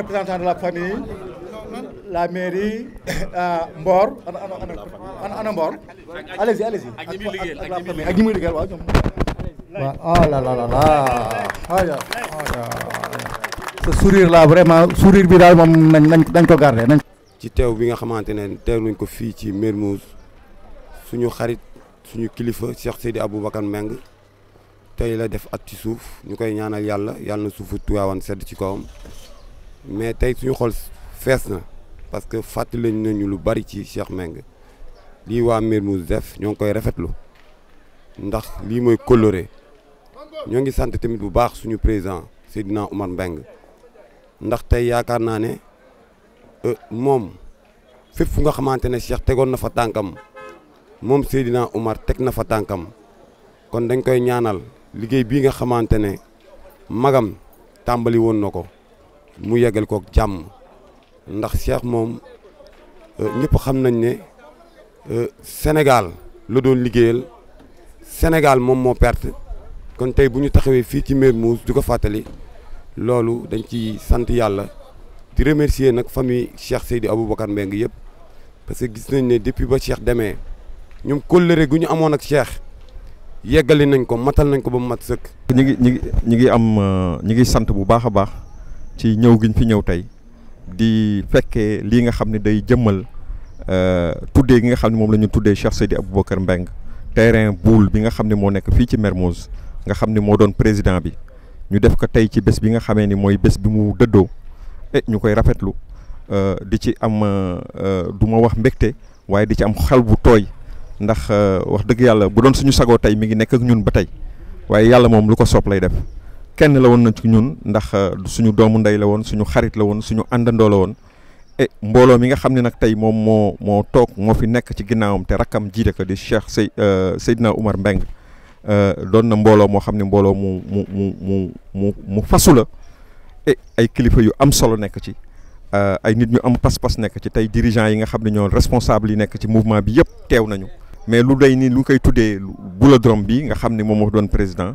représentant de la vraiment sourire bi daal moom nañ ko garder ci teew bi nga xamante ne teew nañ ko fii ci Mermoz suñu xarit suñu kilifa Cheikh Seydi Aboubacar Mbengue tey la def at ci suuf ñu koy ñaanal yàlla yàlla na suufu Tivaouane sedd ci kawam mais tey suñu xol fees na parce que fàttali nañu lu bari ci Cheikh Meng lii waa mu def ñoo ngi koy rafetlu ndax lii mooy coloré ñoo ngi sant tamit bu baax suñu président Seydina Oumar Mbeng ndax tey yaakaar naa ne euh, moom fépp fu nga xamante ne Cheikh tegoon na fa tànkam moom Seydina Oumar teg na fa tànkam kon dañ koy ñaanal liggéey bii nga xamante ne magam tàmbali woon na ko mu yegal ko jàmm ndax Cheikh mom euh, ñepp xam nañ ne euh, Sénégal la doon liggéeyal Sénégal mom mo perte kon tay buñu taxawé fi ci Mermoz di ko fatali lolu dañ ci sante yalla di remercier nak famille Cheikh Seydi abou Aboubacar mbeng yëpp parce que gis nañ ne depuis ba Cheikh démé ñoom kóllëre guñu ñu amoon ak Cheikh yeggali nañ ko matal nañ ko ba mat sëkk. ñi ngi ñi ngi am ñi ngi euh, sante bu baaxa baax. ci ñëw giñ fi ñëw tey di fekkee lii nga xam ne day jëmmal euh, tuddee gi nga xam ne moom la ñu tuddee Cheikh Seydi Aboubacar mbeng terrain boule bi nga xam ne moo nekk fii ci Mermoz nga xam ne moo doon président bi ñu def ko tey ci bés bi nga xamee ni mooy bés bi mu dëddoo e ñu koy rafetlu euh, di ci am euh, du ma wax mbegte waaye di ci am xel bu tooy ndax wax dëgg yàlla bu doon suñu sagoo tey mi ngi nekk ak ñun ba tey waaye yàlla moom lu ko soob lay def kenn la woon na ci ñun ndax euh, suñu doomu ndey la woon suñu xarit la woon suñu àndandoo la woon e mbooloo mi nga xam ne nag tey moom moo moo toog moo fi nekk ci ginnaawam te rakkam jiite ko di Cheikh Sey euh, na Oumar Mbeng euh, doon na mbooloo moo xam ne mbooloo mu mu mu mu mu mu fasu la e ay kilifa yu am solo nekk ci ay nit ñu am pas-pas nekk ci tey dirigeants yi nga xam ne ñoo responsable yi nekk ci mouvement bi yëpp teew nañu mais lu day nii lu koy tuddee Bouladrome bi nga xam ne moom moo doon président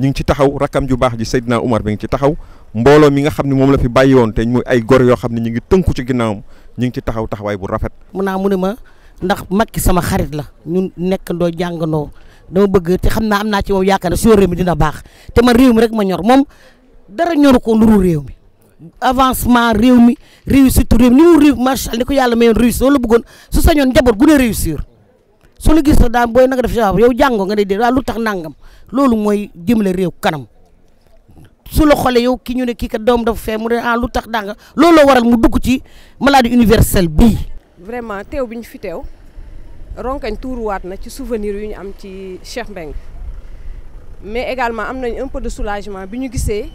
ñu ngi ci taxaw rakkam ju baax ji Seydina Umar mi ngi ci taxaw mbooloo mi nga xam ne moom la fi bàyyi woon te muy ay gor yoo xam ne ñu ngi tënku ci ginnaawam ñu ngi ci taxaw taxawaay bu rafet. mun naa mu ne ma ndax Macky sama xarit la ñun nekkandoo jàngandoo dama bëgg te xam naa am naa ci moom yaakaar ne suñu réew mi dina baax te man réew mi rek ma ñor moom dara ñoru ko lu dul réew mi. avancement réew mi réussite réew mi ni mu réew macha ni ko yàlla mayoon réussir loolu la bëggoon su sañoon njaboot gu ne réussir suñu gis sax boy booy def sabab yow jàngoo nga day lu tax nangam loolu moy jëmale rew kanam su la xoolee yow ki ñu ne ki ka doom dafa fe mu ne ah lu tax waral mu dugg ci maladie universelle bi vraiment teew bi fi teew ronkañ tuuruwaat na ci souvenir yu ñu am ci Cheikh Mbengue mais également am nañ un peu de soulagement biñu gissé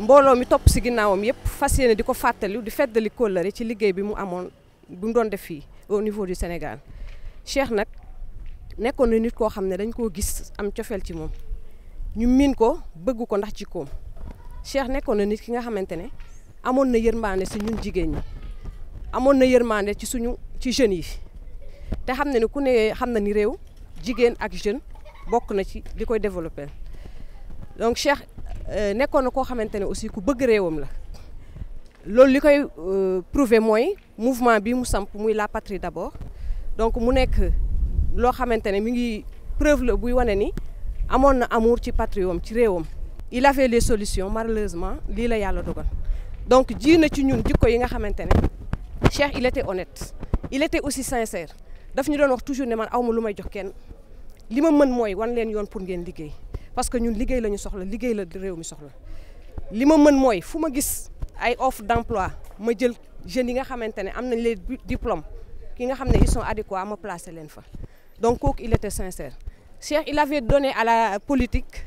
mbolo mi top ci ginaawam yépp fas yéene fàttali di feddali kóllëre ci liggéey bi mu amoon bu mu doon def fii au niveau du Sénégal. Cheikh nag nekkoon na nit koo xam ne dañ koo gis am cofeel ci moom ñu miin ko bëgg ko ndax ci koom Cheikh nekkoon na nit ki nga xamante ne amoon na yërmande si ñun jigéen ñi amoon na yërmande ci suñu ci jeunes yi te xam na ne ku ne xam na ni réew jigéen ak jeune bokk na ci li koy développé donc Cheikh euh, nekkoon na koo xamante ne aussi ku bëgg réewam la loolu li koy euh, prouver mooy mouvement bi mu samp muy la patrie d'abord donc mu nekk loo xamante ne mi ngi preuve la buy wane ni amoon na amour ci patrioom ci réewam. il avait les solutions malheureusement lii la yàlla dogal donc ji na ci ñun jikko yi nga xamante ne Cheikh il était honnête il était aussi sincère daf ñu doon wax toujours ne man aw ma lu may jox kenn li ma mën mooy wan leen yoon pour ngeen liggéey parce que ñun liggéey la ñu soxla liggéey la réew mi soxla li ma mën mooy fu ma gis ay offre d'emploi ma jël jeunes yi nga xamante ne am nañ les diplômes qui ils sont adéquats à me placer. Donc il était sincère. Cheikh, il avait donné à la politique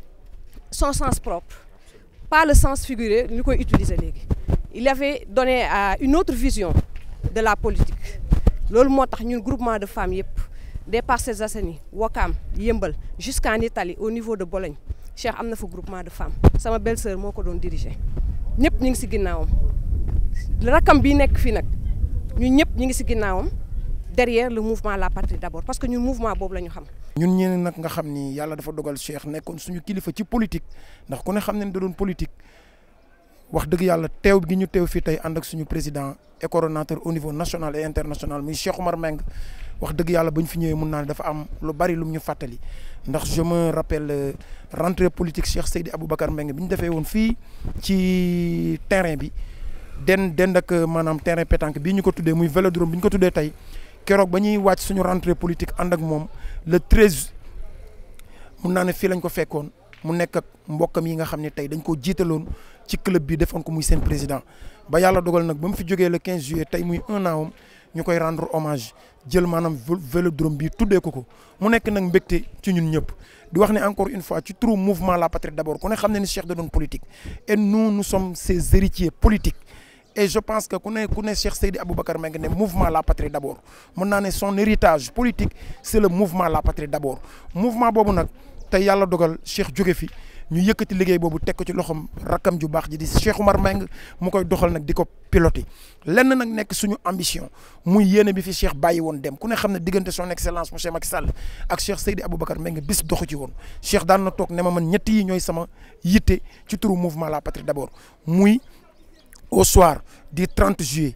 son sens propre, pas le sens figuré, nous utilisé. Il avait donné une autre vision de la politique. loolu moo tax ñun groupement de femmes yëpp de ces Assainies Wakam, Yembel, jusqu'en Italie au niveau de Bologne Cheikh am na fa groupement de femmes ma belle-sœur qui ko dirigé. diriger ñëpp ñu ngi ci ginnaawam rakam bi nekk fii nag ñun ñëpp ñu derrière le mouvement La Patrie d'abord parce que ñun mouvement boobu la ñu xam. ñun ñeneen nag nga xam ni yàlla dafa dogal Cheikh nekkoon suñu kilifa ci politique ndax ku ne xam ne da doon politique wax dëgg yalla teew gi ñu teew fii tey ànd ak suñu président et coordonnateur au niveau national et international muy Cheikh Omar Meng wax dëgg yàlla ba fi ñëwee mun naa dafa am lu bari lum fatali fàttali ndax je me rappelle euh, rentrée politique Cheikh Seydi Aboubacar Meng bi ñu defee woon fii ci terrain bi den dend ak euh, maanaam terrain pétanque bii ñu ko tuddee muy vélodrome bi ko tuddee tey kérok ba ñuy wàcc suñu rentrée politique and ak mom le 13. mu naa fi lañ ko fekkoon mu nek ak mbokam yi nga xam tay dañ ko jiitaloon ci club bi defon ko muy sen président ba yalla dogal nak bam fi joggé le 15 juillet tay muy un an ñukoy rendre hommage jël manam velodrome bi tuddee ko ko mu nek nak mbégte ci ñun ñëpp di wax ne encore une fois ci turu mouvement la patrie d'abord ku ne xamné ni Cheikh da doon politique et nous nous sommes ses héritiers politiques et je pense que si on Seydi mouvement la patrie d'abord son héritage politique c'est le mouvement la patrie d'abord mouvement te dogal Cheikh jóge fi ñu yëkkati liggéey boobu ko ci Cheikh Oumar Mbengue mu piloté ambition Cheikh Baye dem son excellence monsieur Macky Sall ak Cheikh Seydi Aboubacar Mbengue bis Cheikh daan na nous man ñett yi mouvement la patrie d'abord au soir du 30 juillet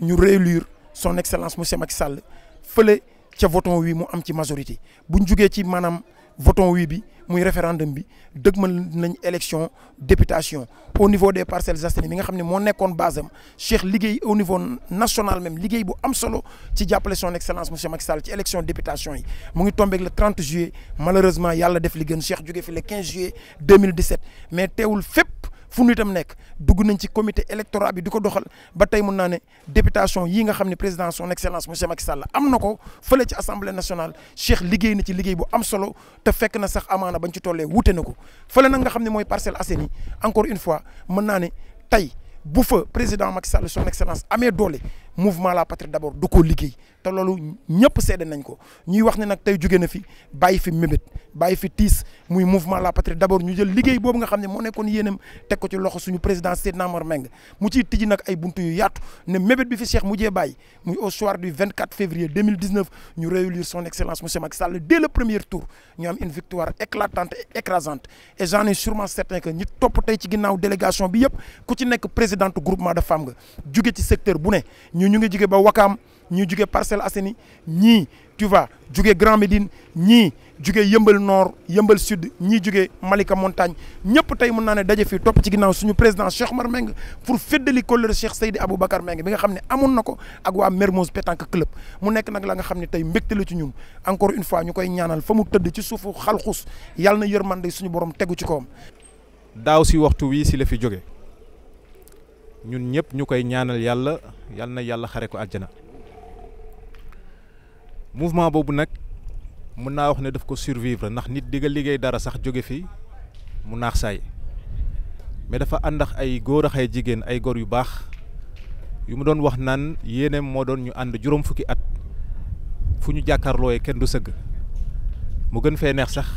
Nous réélire son excellence monsieur Macky Sall fële que voton oui, mu am ci majorité bu ñu jugee ci maanaam voton bi muy référendum bi dëgmal nañ élection députation au niveau des Parcelles Assainies mi nga xam ne base Cheikh au niveau national même liggéey bu am solo ci appelé son excellence monsieur Macky Sall ci élection députation yi mu tombé le 30 juillet malheureusement il def a la Cheikh jugee fi le 15 juillet 2017 mais le fait fu nitam nek duggu nañ comité électoral bi diko doxal députation yi nga xamné président son excellence monsieur Macky Sall nationale Cheikh ci bu am solo te na sax bañ ci nga encore une fois mën na président Macky son excellence mouvement la patrie d'abord du ko liguey te loolu ñëpp seede nañ ko ñuy wax ne nag tey jóge na fi bàyyi fi mébét bàyyi fi tiis muy mouvement la patrie d'abord ñu jël liggéey boobu nga xam ne moo nekkoon yéenam teg ko ci loxo suñu président Seydina Omar Meng mu ciy nak nag ay buntu yu yaatu ne mébét bi fi Cheikh mujjee muy au soir du 24 février 2019 ñu réélire son excellence monsieur Macky Sall dès le premier tour ñu am une victoire éclatante écrasante et j'en ai sûrement certain que ñi top tey ci ginnaaw délégation bi yëpp ku ci nekk présidente groupement de femmes nga jóge ci secteur bu ñu ñu ngi jóge ba wakam ñu jóge Parcelles Assainies ñi tu vois jóge Grand medine ñi jóge yembal nord yembal sud ñi jóge Malika Montagne ñepp tay mën naa ne daje fii topp ci ginnaaw suñu président Cheikh Omar Mbengue pour féddali kóllëre Cheikh Seydi Aboubacar meng bi nga xamné ne nako na ak wa Mermoz Pétanque Club mu nekk nak la nga xamné tay mbékté mbégte la ci ñun encore une fois ñukoy ñaanal famu teud tëdd ci suufu xalxus yàlla na yërmande suñu borom téggu ci kawam. daw si waxtu wi si la fi jóge ñun ñëpp ñu koy ñaanal yàlla yal na yàlla xare ko àjjana mouvement boobu nag mën naa wax ne daf ko survivre ndax nit di liggéey dara sax jóge fi mu naax saay mais dafa ànd ak ay góor ak ay jigéen ay góor yu baax yu mu doon wax naan yéeneem moo doon ñu ànd juróom fukki at fu ñu jàkkaarlooyee kenn du sëgg mu gën fee neex sax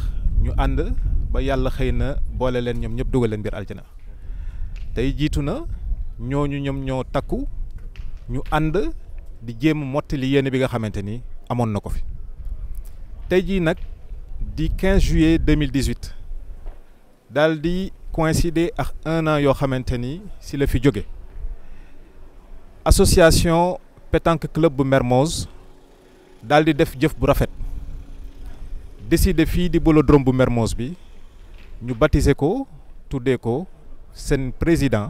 ñu ànd ba yàlla xëy na boole leen ñoom ñëpp dugal leen biir aljana tey jiitu na Nous ñoom ñoo takku ñu di bi nga fi di 15 juillet 2018 daal di coïncider un an de xamante si association pétanque club bu Mermoz daal di def jëf bu rafet décidé di bolodrome bu Mermoz bi ñu le président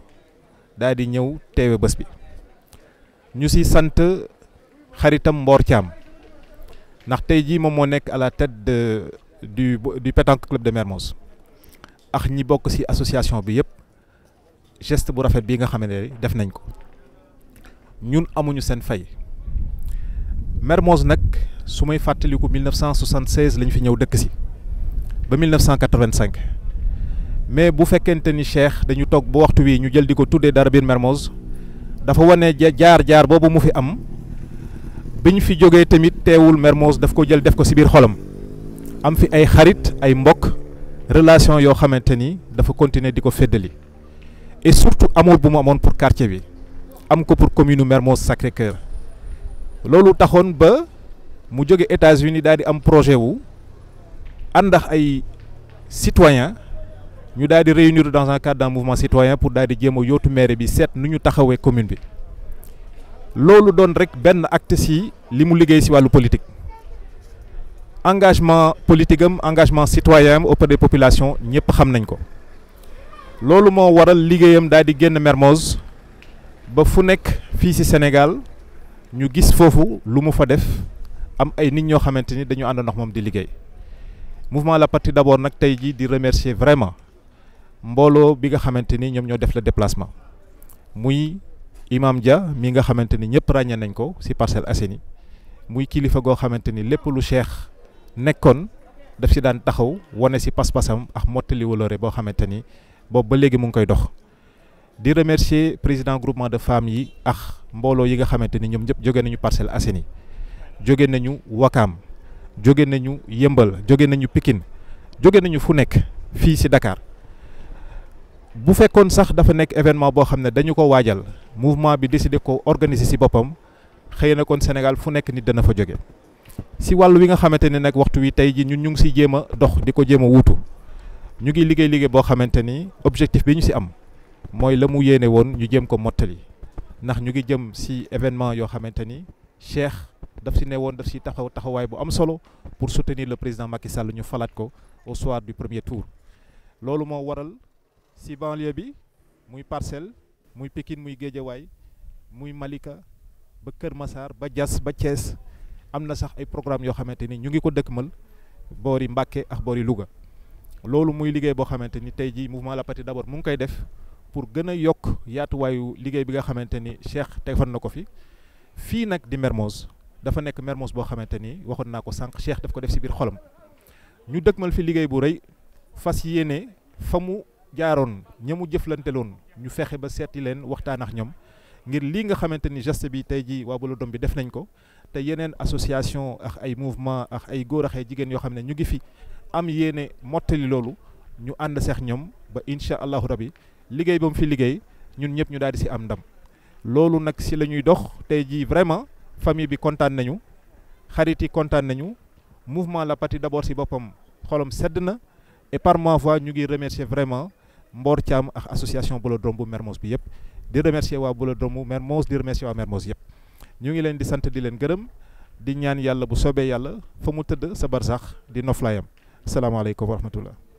daal di ñëw teewe bés bi ñu ci sante xaritam Mboor nak tay ji mom mo nek à la tête de du du pétanque club de Mermoz ak ñi bok si association bi yépp geste bu rafet bi nga xam def nañ ko ñun amuñu sen fay Mermoz nak sumay may fàttaliku 1976 la fi ñew dëkk ci ba 1985 mais bu fekkente ni Cheikh dañu tok bo waxtu wi ñu jël di Mermoz dafa jaar jaar bobu mu fi am biñ fi joggé tamit Mermoz daf ko jël def ko ci bir xolam am fi ay xarit ay mbokk relation yo xamanteni dafa continuer et surtout bu mu pour quartier bi pour commune Mermoz Sacré-Cœur ba États-Unis projet wu ay citoyens nous daal réunir dans un cadre d'un mouvement citoyen pour daal di jéem a yootu maire bi seet nu ñu commune bi loolu doon rek acte si li mu liggéey politique engagement politique engagement citoyen auprès des populations ñëpp xam nañ ko loolu moo waral liggéeyam daal génn Mermoz ba fu du Sénégal nous gis foofu lu mu fa def am ay nit ñoo xamante ni dañu ànd ndox le di liggéey mouvement la partie d'abord nous tey remercier vraiment mbooloo bi nga xamante ni ñoom ñoo def la déplacement muy imam ja mi nga xamante ni ñëpp ràññee nañ ko ci Parcelles Assainies muy kilifa goo xamante ni lépp lu cheikh nekkoon daf ci daan taxaw wane ci pas-pasam ak mottali waloore boo xamante ni boobu ba léegi mu ngi koy dox. di remercier président groupement de femmes yi ak mbooloo yi nga xamante ni ñoom ñëpp jóge nañu Parcelles Assainies jóge nañu Wakaam jóge nañu Yëmbal jóge nañu pikin jóge nañu fu nekk fii ci Dakar. bu fekkoon sax dafa nekk événement boo xam ne dañu ko waajal mouvement bi décidé ko organiser ci boppam xëy na kon Sénégal fu nekk nit dana fa jóge si wàllu wi nga xamante ni nag waxtu wi tey ji ñun ñu ngi ciy jéem a dox di ko jéem a wuutu ñu ngi liggéey liggéey boo xamante ni objectif bi ñu ci am mooy la mu yéene woon ñu jéem ko mottali ndax ñu ngi jëm ci événement yoo xamante ni Cheikh daf ci ne daf ci taxaw taxawaay bu am solo pour soutenir le président Macky Sall ñu falat ko au soir du premier tour loolu moo waral. si banlieue bi muy parcelle muy Pikine muy Guédiawaye muy Malika ba masar, Massar ba Diass ba Thiès am sax ay programme yoo xamante ni ñu ngi ko dëkkmal boori Mbacké ak boori Louga loolu muy liggéey boo xamante ni tey jii mouvement La Patrie d'abord mu ngi koy def pour gën a yokk yaatuwaayu liggéey bi nga ni Cheikh teg fan na fi di Mermoz dafa mermos Mermoz boo xamante ni waxoon naa ko sànq Cheikh daf ko def si biir xolam ñu dëkkmal fi liggéey bu rëy fas des ñamu mu jëflanteloon ñu fexé ba séti leen waxtaan ak ñom ngir li nga xamanteni geste bi qui Doom bi def nañ ko té qui association ak ay mouvement ak ay goor ak ñu ngi fi am yéene mottali lolu ñu ñom ba fi fait ñun ñep ñu daal ci am ndam lolu nak la dox vraiment famille bi contane nañu xarit yi contane nañu mouvement La parti d'abord ci bopam xolam et par ma voix ñu ngi vraiment. Mbor ak association Bolo Domb Mermoz bi yëpp di remercier wa Bolo Domb Mermoz di remercier Wa Mermoz yëpp ñu ngi leen di sant di leen gërëm di ñaan Yalla bu soobee Yalla fa mu tëdd sa barsax di noflaayam salaamaaleykum wa rahmatullah